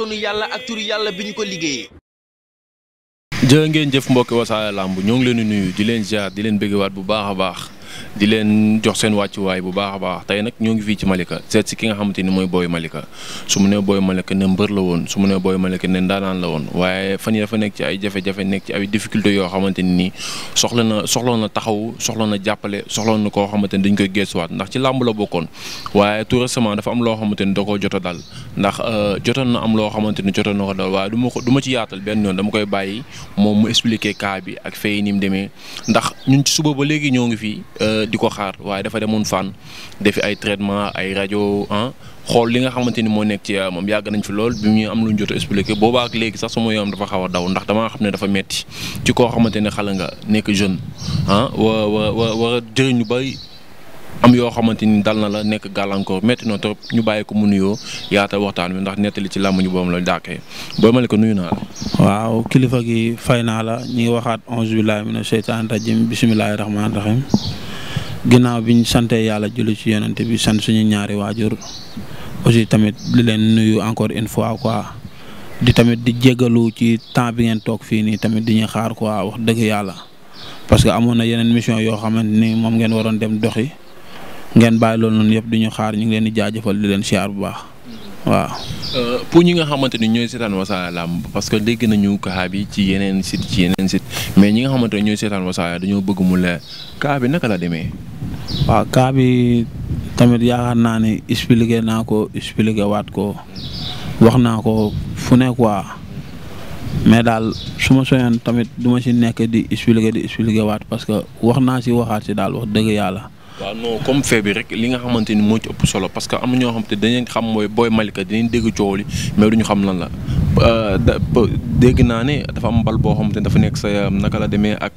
kàttanu yàlla ak yàlla bi ñu ko liggéeyee. jërë ngeen jëf mbokki wasaare làmb ñoo ngi leen di nuyu di leen ziar di leen waat bu baax a baax. di leen jox seen wàccuwaay bu baax a baax tey nag ñoo ngi fii ci Malika seet si ki nga xamante ni mooy booy Malika su mu nee Boy Malika ne mbër la woon su mu nee Boy Malika neen daanaan la woon waaye fa yi dafa nekk ci ay jafe-jafe nekk ci ay difficulté yoo xamante ni soxla na soxla na taxaw soxla na jàppale soxla na koo xamante ni dañ koy geesuwaat ndax ci làmb la bokkoon waaye tout récemment dafa am loo xamante ni da koo jot a dal ndax euh, jotoon na am loo xamante ni jotoon na ko dal du ma ko du ci yaatal benn yoon dama koy bàyyi moom mu expliquer cas bi ak fay ni mu demee ndax ñun ci suba ba léegi ñoo ngi fii Euh, di ko xaar waaye dafa demoon fànn defi ay traitement ay rajo ah xool li nga xamante ni moo nekk ci ah, moom yàgg nañ fi lool bi muy am lu ñu jot a expliqué boobaa ak léegi sax sama yoon dafa xaw a daw ndax damaa xam ne dafa metti ci koo xamante ne xale nga nekk jeune ah wa wa wa war bari am yoo xamante ni dal na la nekk gàllankoor métti ñu bàyyi ko mu nuyoo yaatal waxtaan wi ndax nettali ci làmb ñu la dàkkee booy ma ko nuyu naa la. waaw kilifa gi fay naa la ñu ngi waxaat onze billahi mina sheytaani rajim bismillahi rahmaani rahim ginnaaw bi ñu santee yàlla julli ci yonante bi sant suñu ñaari waajur aussi tamit di leen nuyu encore une fois quoi di tamit di jegalu ci temps bi ngeen toog fii nii tamit di ñu xaar quoi wax dëgg yàlla parce que amoon na yeneen mission yoo xamante ni moom ngeen waroon dem doxi ngeen bàyyi loolu noonu yëpp duñu ñu xaar ñu ngeen leen di jaajëfal di leen siyaar bu baax. waaw. Euh, pour ñi nga xamante ni ñooy seetaan Wassare Lamb parce que dégg nañu cas bi ci yeneen site ci yeneen site mais ñi nga xamante ne ñooy seetaan Wassare dañoo bëgg mu leer cas bi naka la demee. waaw cas bi tamit yaakaar naa ne expliqué naa ko expliqué waat ko wax naa ko fu ne quoi mais daal su ma soñoon tamit du ma si nekk di expliqué di expliqué waat parce que wax naa si waxaat si daal wax dëgg yàlla. waaw non comme fee bi rek li nga xamante ni moo ci ëpp solo parce que am na ñoo xam te dañu xam mooy booy Malika dinañ dégg coow li mais duñu xam lan la. Euh, dégg naa ne dafa am bal boo xam te dafa nekk sa naka la demee ak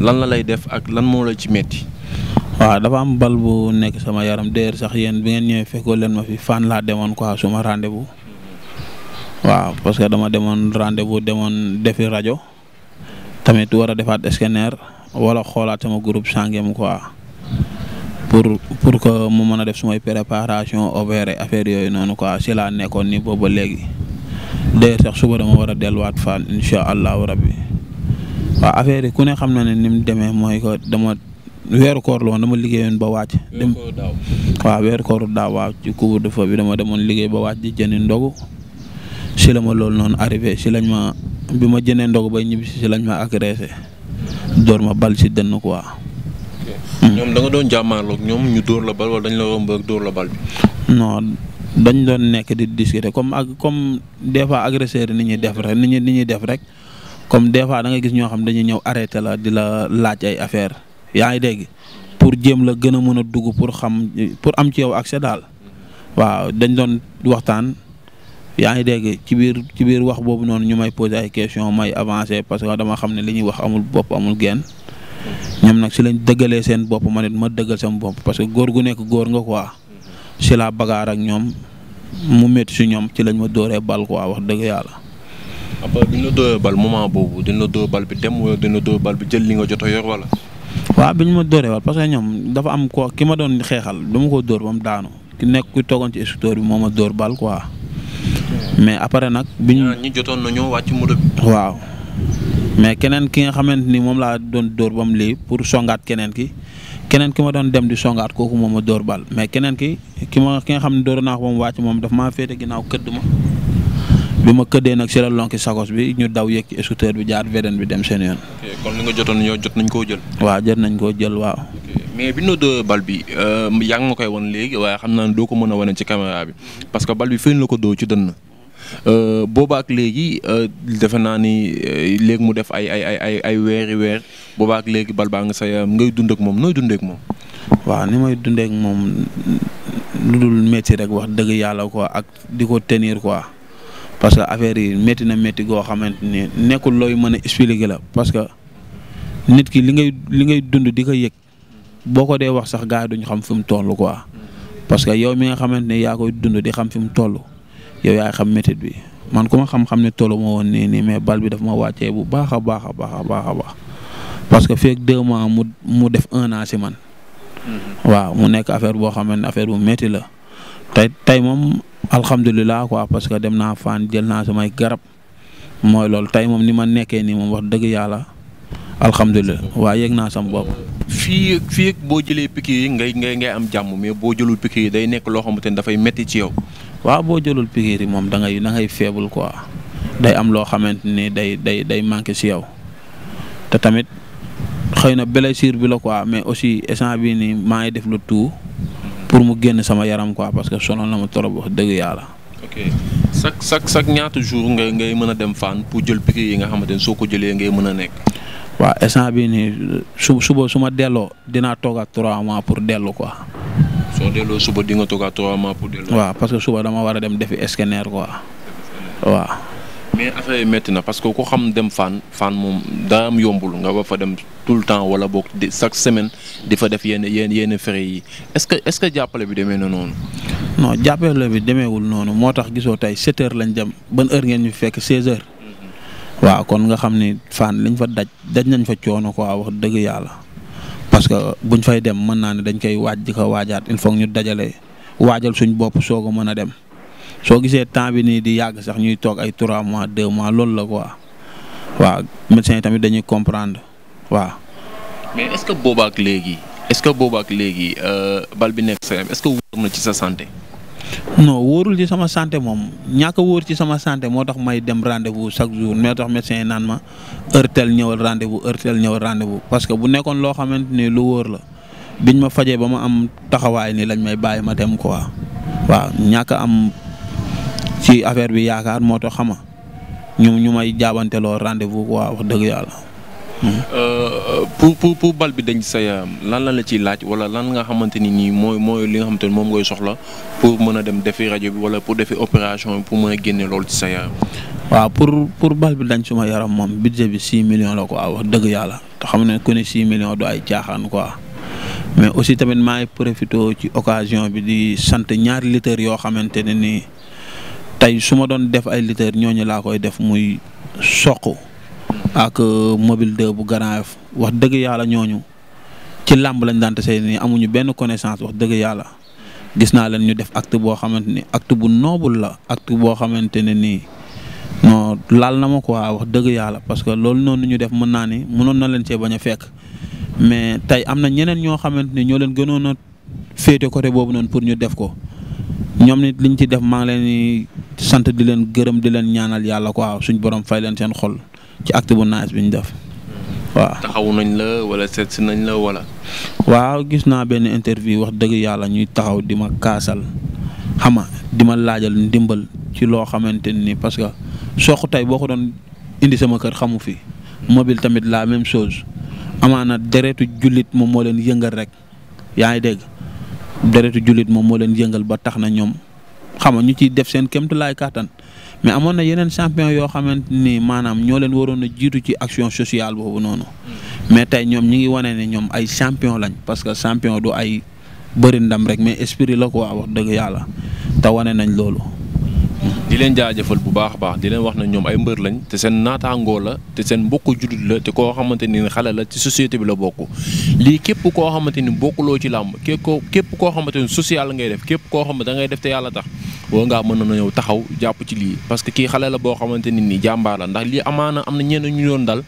lan la lay def ak lan moo la ci metti waaw dafa am bal bu nekk sama yaram déer sax yéen bi ngeen ñëwee fekkoo leen ma fi fan laa demoon quoi suma rendez-vous waaw parce que dama demoon rendez-vous demoon defi rajo tamit war defaat scanner wala xoolaat sama groupe sangem quoi. pour pour que mu mën a def sumay préparation opéré affaire yooyu noonu quoi si laa nekkoon ni booba léegi dee sax suba dama war a delluwaat fan incha allahu rabbi waaw affaire yi ku ne xam na ne ni mu demee mooy que dama weeru koor la woon dama liggéeyoon bi dama demoon liggéey ba wàcc di jëndi ndogu si la ma lool noonu arrivé si ma bi ma jënee ndogu bay ñibbisi si lañ ma agressé door ma bal si dënn quoi. ñoom da nga doon jàmmaarloog ñoom ñu dóor la bal wala dañ la romb ak dóor la bal bi. non dañ doon nekk di discuter comme ak comme des fois agresseur ni ñuy def rek ni ñuy ni ñuy def rek comme des fois da nga gis ñoo xam dañuy ñëw arrêté la di la laaj ay affaire yaa ngi dégg pour jéem la gën a mën a dugg pour xam pour am ci yow accès daal waaw dañ doon waxtaan. yaa ngi dégg ci biir ci biir wax boobu noonu ñu may posé ay question may avancé parce que dama xam ne li ñuy wax amul bopp amul genn nag si lañ dëggalee seen bopp ma nit ma dëggal sama bopp parce que góor gu nekk góor nga quoi si laa bagaar ak ñoom mu métti si ñoom ci lañ ma dóoree bal quoi wax dëgg yàlla. après bi la dóoree bal moment boobu dina dóor bal dem wala dina dóor bal bi jël nga jot yor wala. waaw bi ñu ma dóoree bal parce que ñoom dafa am ko ki ma doon xeexal dama ko dóor ba mu daanu ki nekk ku toogoon ci instructeur bi moo ma dóor bal quoi hmm. mais après nag. bi ñu ñi jotoon nañoo wàcc moto bi. waaw. mais keneen ki nga xamante ni moom laa doon dóor ba mu lii pour songaat keneen ki keneen ki ma doon dem di songaat kooku moom ma dóor bal mais keneen ki ki ma ki nga xam ne dóor naa ko ba mu moom daf maa féete ginnaaw këdd ma bi ma këddee nag si la lonki sagos bi ñu daw yëg ci scooter bi jaar veden bi dem seen yoon. kon li jotoon ñoo jot nañ koo jël. waaw jot nañ koo jël waaw. mais bi ñu bal bi euh, yaa ngi nga koy wan léegi waaye xam naa ne doo ko mën a wane ci caméra bi parce que bal bi fii la ko doo ci dënn. Euh, boobaak léegi euh, defe naa ni euh, léegi mu def ay ay ay ay ay weeri weer boobaak léegi bal nga sa yaram ngay dund ak moom nooy dundeek moom. waaw ni may dundee moom lu dul métti rek wax dëgg yàlla quoi ak di ko tenir quoi parce que affaire yi métti na métti goo xamante ni nekkul looy mën a expliquer la parce que nit ki li ngay li ngay dund di ko yëg boo ko dee wax sax gars yi duñ xam fi mu toll quoi parce que yow mi nga xamante ne yaa koy dund di xam fi mu toll. yow yaay xam métit bi man ku ma xam-xam ne tollu ma woon nii nii mais bal bi dafa ma wàccee bu baax a baax a baax baax a baax parce que feeg deux mu mu def un si man. Mm-hmm. waaw mu nekk affaire boo xam ne affaire bu métti la tey tey moom ko quoi parce que dem naa faan jël naa samay garab mooy loolu tey moom ni ma nekkee nii moom wax dëgg yàlla alhamdulilah waa yëg naa sama bopp. fii fii boo jëlee piki yi ngay ngay ngay am jàmm mais boo jëlul piki yi day nekk loo xamante ni dafay métti ci yow. waaw boo jëlul pikiir yi moom dangay ngay da ngay faible day am loo xamante ni day day day manqué si yow te tamit xëy na blessure bi la quoi mais aussi instant bii nii maa ngi def lu tout pour mu génn sama yaram quoi parce que sonal na ma trop wax dëgg yàlla. ok chaque chaque ñaata jour ngay ngay mën a dem fan pour jël pikiir yi nga xamante ne soo ko jëlee ngay mën a nekk. waa instant bii nii su suba su ma delloo dinaa toogaat trois mois pour dellu quoi. soo delloo suba di nga toogaat trois mois pour delloo. waaw parce que suba dama war a dem defi scanner quoi. waaw. mais na parce que ku xam dem fan fan moom daa am nga ba fa dem tout le temps wala boog chaque semaine di fa def yenn yenn yenn frais yi est-ce que est-ce que jàppale bi demee na noonu. non jàppale bi demeewul noonu moo tax gisoo tey sept heures lañ dem ban heure ngeen ñu fekk seize heures. Mhm. waaw kon nga xam ni fan liñ fa daj daj nañ fa coono quoi wax dëgg yàlla. parce que buñ fay dem mën naa ne dañ koy waaj di ko waajaat il faut ñu dajale waajal suñ bopp soo ko mën a dem soo gisee temps bi nii di yàgg sax ñuy toog ay 3 mois 2 mois loolu la quoi waaw médecins yi tamit dañuy comprendre waaw. mais est-ce que boobaak léegi est-ce que boobaak léegi euh, bal bi nekk sa est-ce que wóor na ci sa santé. non wóorul ci sama santé moom ñàkk a wóor ci sama santé moo tax may dem rendez-vous chaque jour moo tax médecin naan ma heure telle ñëwal rendez-vous heure telle parce que bu nekkoon loo xamante ni lu wóor la biñ ma fajee ba ma am taxawaay ni lañ may bàyyi ma dem quoi waaw ñàkk am ci affaire bi yaakaar moo tax xama ñu ñu may jaabanteloo rendez-vous quoi dëgg yàlla. Euh, pour pour pour bal bi dañ sa yaram lan lan la ciy laaj wala lan nga xamante ni nii mooy mooy li nga xamante ni moom ngay soxla pour mën a dem defi rajo bi wala pour defi opération bi pour mën a génne loolu ci sa yaram. waaw pour pour bal bi dañ suma yaram moom budget bi 6 million la ko aw dëgg yàlla te xam ne ku ne 6 million du ay caaxaan quoi. mais aussi tamit maay profité ci occasion bi di sant ñaari lutteurs yoo xamante ne nii tey su ma doon def ay lutteurs ñooñu laa koy def muy soq. ak euh, mobile 2 bu Grand Yoff wax dëgg yàlla ñooñu ci làmb lañ daan tase nii amuñu benn connaissance wax dëgg yàlla gis naa leen ñu def acte boo xamante ni acte bu noobul la acte boo xamante ne nii non laal na ma quoi wax dëgg yàlla parce que loolu noonu ñu def mën naa ni mënoon na leen cee bañ a fekk mais tey am na ñeneen ñoo xamante ni ñoo leen gënoon a féete côté boobu noonu pour ñu def ko ñoom nit liñ ci def maa ngi leen sant di leen gërëm di leen ñaanal yàlla quoi suñ borom fay leen seen xol. ci acte bu nice bi ñu def. waaw taxawu nañ la wala seetsi nañ la wala. waaw gis naa benn interview wax dëgg yàlla ñuy taxaw di ma kaasal xama di ma laajal ndimbal ci loo xamante ni parce que soq tey boo ko doon indi sama kër xamu fi. mobile tamit la même chose amaana deretu jullit moom moo leen yëngal rek yaa ngi dégg deretu jullit moom moo leen yëngal ba tax na ñoom xam ñu ciy def seen kéemtulaay kàttan mais amoon na yeneen champion yoo xamante ni maanaam ñoo leen waroon a jiitu ci action sociale boobu noonu. Mm. mais tey ñoom ñi ngi wane ne ñoom ay champion lañ parce que champion du ay bëri ndam rek mais esprit la ko wax dëgg yàlla te wane nañ loolu. di leen jaajëfal bu baax a baax di leen wax nañ ñoom ay mbër lañ te seen naataangoo la te seen mbokku judut la te koo xamante ni xale la ci société bi la bokk lii képp koo xamante ni bokkuloo ci làmb képp koo képp koo xamante ni social ngay def képp koo xamante da ngay def te yàlla tax. boo ngaa mën na ñëw taxaw jàpp ci lii parce que kii xale la boo xamante nit nii jàmbaar la ndax lii amaana am na ñenn ñu doon dal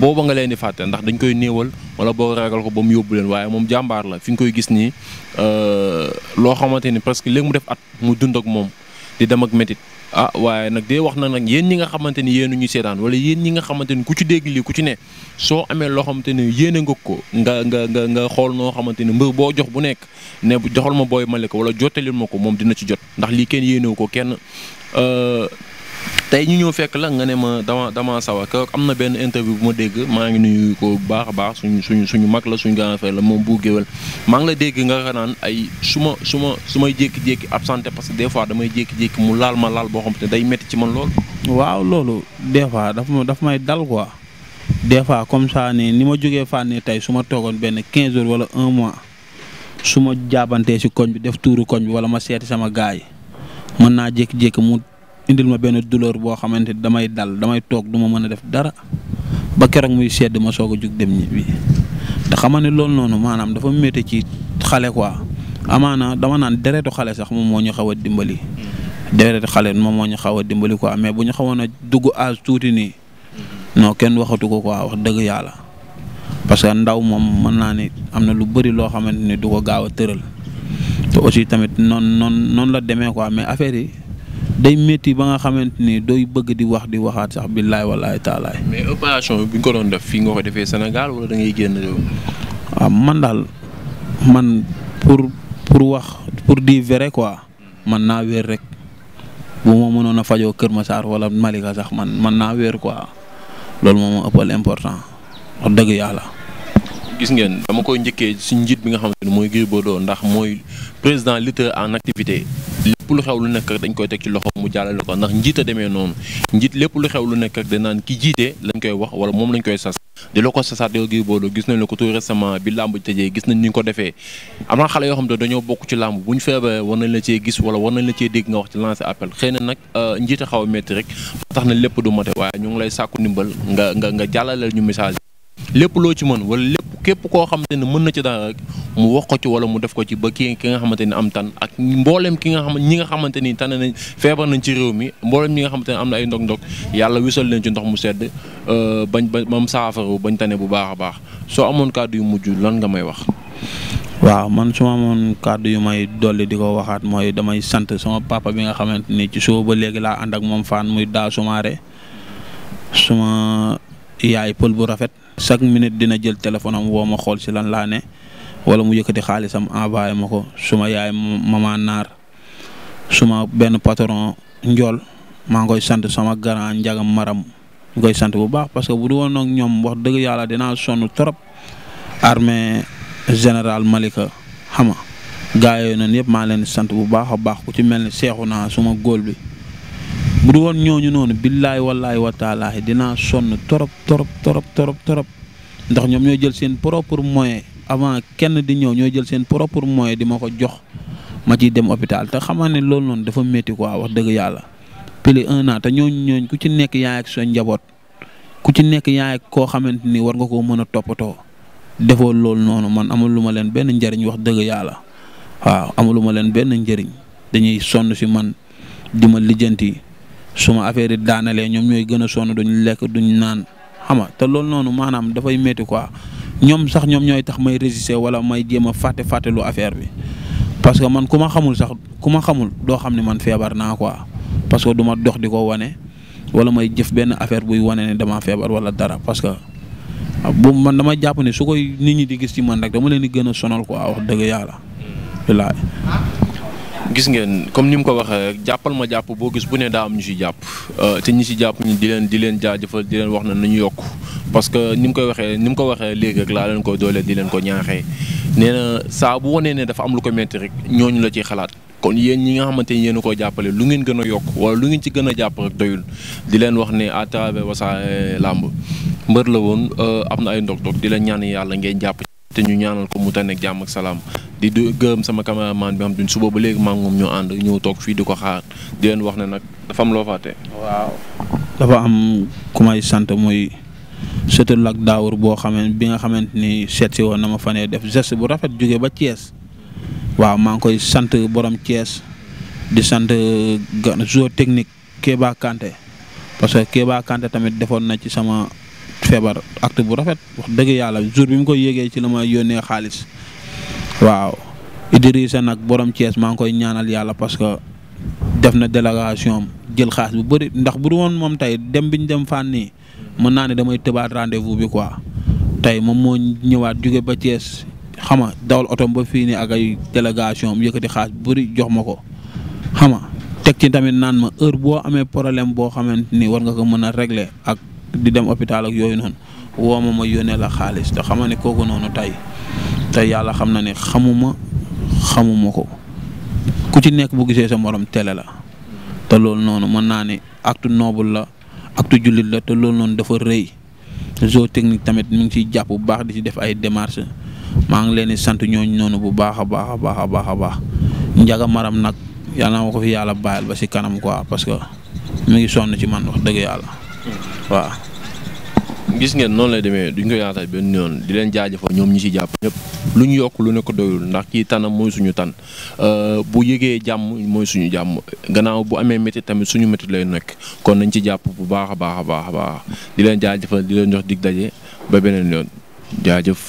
booba nga leen di fàtte ndax dañ koy néewal wala boo ragal ko ba mu yóbbu leen waaye moom jàmbaar la fi nga koy gis nii euh, loo xamante ni que léegi mu def at mu dund ak moom di dem ak métit ah waaye nag de wax na nag yéen ñi nga xamante ni yéen ñu seetaan wala yéen ñi nga xamante ni ku ci dégg lii ku ci ne soo amee loo xamante ni yéen a nga ko nga nga nga nga xool noo xamante ni mbër boo jox bu nekk ne joxal ma booy Malika wala jottalil ma ko moom dina ci jot ndax lii kenn yéenewu ko kenn euh, tey ñu ñëw fekk la nga ne ma dama dama sawar keroog am na benn interview bu ma dégg maa ngi nuyu ko bu baax a baax suñu suñu suñu mag la suñu grand frère la moom bu géwél maa ngi la dégg nga naan ay su ma su ma su may jékki-jékki absenté parce que des fois damay jékki-jékki mu laal ma laal boo xam te day métti ci man lool. waaw loolu des fois daf ma daf may dal quoi des fois comme ça ni ni ma jógee fànn tey su ma toogoon benn 15 jours wala un mois su ma jaabantee si koñ bi def tuuru koñ wala ma seeti sama gars yi indil ma benn douleur boo xamante damay dal damay toog du ma mën a def dara ba keroog muy sedd ma soog a jug dem bi te xama ne loolu noonu maanaam dafa métti ci xale quoi amaana dama naan deretu xale sax moom moo ñu xaw a dimbali. déedéet xale moom moo ñu xaw a dimbali quoi mais bu ñu xawoon a dugg âge tuuti nii non kenn waxatu ko quoi wax dëgg yàlla parce que ndaw moom mën naa ne am na lu bëri loo xamante ni du ko gaaw a tëral te aussi tamit noon noonu noonu la demee quoi mais affaire yi day métti ba nga xamante ni dooy bëgg di wax di waxaat sax billaay walaay taalaay. mais opération bi nga ko def fii nga ko defee Sénégal wala da ngay génn réew. waaw ah, man daal man pour pour wax pour dire vrai quoi man naa wér rek bu ma mënoon a fajoo Kër Massar wala Malika sax man man naa wér quoi loolu moom moo ëppal important wax dëgg yàlla. gis ngeen dama koy njëkkee si njiit bi nga xamante ni mooy Gris Bordeaux ndax mooy président lutteur en activité lépp lu xew lu nekk dañ koy teg ci loxo mu jàllale ko ndax njiit demee noonu njiit lépp lu xew lu nekk ak danaan ki jiite lañ koy wax wala moom lañ koy sas di la ko sasaat yow Gris gis nañ la ko tout récemment bi làmb tëjee gis nañ ni ko defee am xale yoo xam te dañoo bokk ci làmb bu ñu feebaree war nañ la cee gis wala war nañ la cee dégg nga wax ci lancer appel xëy na nag euh, njiit a xaw a rek tax na lépp du mate waaye ñoo ngi lay sàkku ndimbal nga nga nga jàllaleel ñu message lépp loo ci mën wala lépp képp koo xamante ne mën na ci dara rek mu wax ko ci wala mu def ko ci ba ki nga xamante ni am tan ak mboolem ki nga xam ñi nga xamante ni tane nañ feebar nañ ci réew mi mboolem ñi nga xamante ne am na ay ndog-ndog yàlla wisal leen ci ndox mu sedd euh, bañ ba mam saafaru bañ tane bu baax a baax soo amoon kàddu yu mujj lan nga may wax. waaw man su kàddu yu may dolli di ko waxaat mooy damay sant sama papa bi nga xamante ni ci suba ba léegi laa ànd ak moom faan muy daa sumaare suma yaay pël bu rafet chaque minute dina jël téléphone am woo ma xool si lan laa ne wala mu yëkkati xaalisam envoyé ma ko suma yaay mama naar suma benn patron njool maa ngi koy sant sama grand njagam maram ñu koy sant bu baax parce que bu du woon ñoom wax dëgg yàlla dinaa sonn trop armée général Malika xama gaa yooyu noonu yëpp maa leen sant bu baax a baax ku ci mel ni seexu naa suma góol bi bu du woon ñooñu noonu billaay wallaay wa taalaahi dinaa sonn torop torop torop torop torop ndax ñoom ñoo jël seen propre moyen avant kenn di ñëw ñoo jël seen propre moyen di ma ko jox ma ciy dem hôpital te xamaa ne loolu noonu dafa métti quoi wax dëgg yàlla pili un an te ñooñu ñooñ ku ci nekk yaay ak sa njaboot ku ci nekk yaay ak koo xamante ni war nga koo mën a toppatoo defoo loolu noonu man lu ma leen benn njëriñ wax dëgg yàlla waaw ma leen benn njëriñ dañuy sonn si man di ma lijjanti suma affaire yi daanalee ñoom ñooy gën a sonn duñ lekk duñ naan xam te loolu noonu maanaam dafay métti quoi ñoom sax ñoom ñooy tax may résister wala may jéem a fàtte fàtte affaire bi. parce que man ku ma xamul sax ku ma xamul doo xam ne man feebar naa quoi parce que du dox di ko wane wala may jëf benn affaire buy wane ne damaa feebar wala dara parce que bu man dama jàpp ne su koy nit ñi di gis ci man rek dama leen di gën a sonal quoi wax dëgg yàlla. Hmm. gis ngeen comme ni mu ko waxee jàppal ma jàpp boo gis bu ne daa am ñu si jàpp euh, te ñu si jàpp ñu di leen di leen jaajëfal di leen wax na nañu yokk parce que ni mu koy waxee ni mu ko waxee léegi laa leen ko doole di leen ko ñaaxee nee na saa bu wanee ne dafa am lu ko metti rek ñooñu la ciy xalaat kon yéen ñi nga xamante ni yéen a koo jàppale lu ngeen gën a yokk wala lu ngeen ci gën a jàpp rek doyul di leen wax ne à travers Wassare Lamb mbër la woon euh, am na ay ndog-ndog di leen ñaan yàlla ngeen jàpp te ñu ñaanal ko mu tane ak jàmm ak salaam di du gërëm sama caméraman bi xam te suba ba léegi maa ngi moom ñoo ànd ñëw ko xaar di wax ne nag dafa am loo fàtte. dafa am ku sant muy sëtul ak daawur boo xamee bi nga xamante ni seet si woon na ma fanee def geste bu rafet jógee ba Thiès waaw maa ngi koy sant borom Thiès di sant euh, gan technique Kéba Kanté parce que Kéba Kanté tamit defoon na ci sama. feebar acte bu rafet wax dëgg yàlla jour bi mu ko yëgee ci la ma yónnee xaalis waaw Idrissa nag boroom cees maa ngi koy ñaanal yàlla parce que def na délégation am jël xaalis bu bëri ndax bu du moom tey dem bi dem fànn nii mën naa ne damay tëbaat rendez-vous bi quoi tey moom moo ñëwaat jóge ba Thiès xam nga dawal otom ba fii nii ak ay délégation am yëkkati xaalis bu bëri jox ma ko xam nga teg ci tamit naan ma heure boo amee problème boo xamante ni war nga ko mën a régler di dem hôpital ak yooyu noonu woo ma ma yónnee la xaalis te xam ne kooku noonu tey te yàlla xam na ne xamuma xamuma ko ku ci nekk bu gisee sa morom tele la te loolu noonu mën naa ne acte noble la actu jullit la te loolu noonu dafa rëy zoo technique tamit mu ngi ciy jàpp bu baax di ci def ay démarches maa ngi leen sant ñooñu noonu bu baax a baax a baax a baax a baax njaga maram nag yàlla na ma ko fi yàlla bàyyil ba si kanam quoi parce que mu ngi sonn ci man wax dëgg yàlla. waaw gis ngeen noonu lay demee duñ ko yaatal benn yoon di leen jaajëfal ñoom ñi ci jàpp ñëpp lu ñu yokk lu ne ko doyul ndax kii tanam mooy suñu tan euh, bu yëgee jàmm mooy suñu jàmm gannaaw bu amee métti tamit suñu métti lay nekk kon nañ ci jàpp bu baax a baax a baax a baax di leen jaajëfal di leen jox dig daje ba beneen yoon jaajëf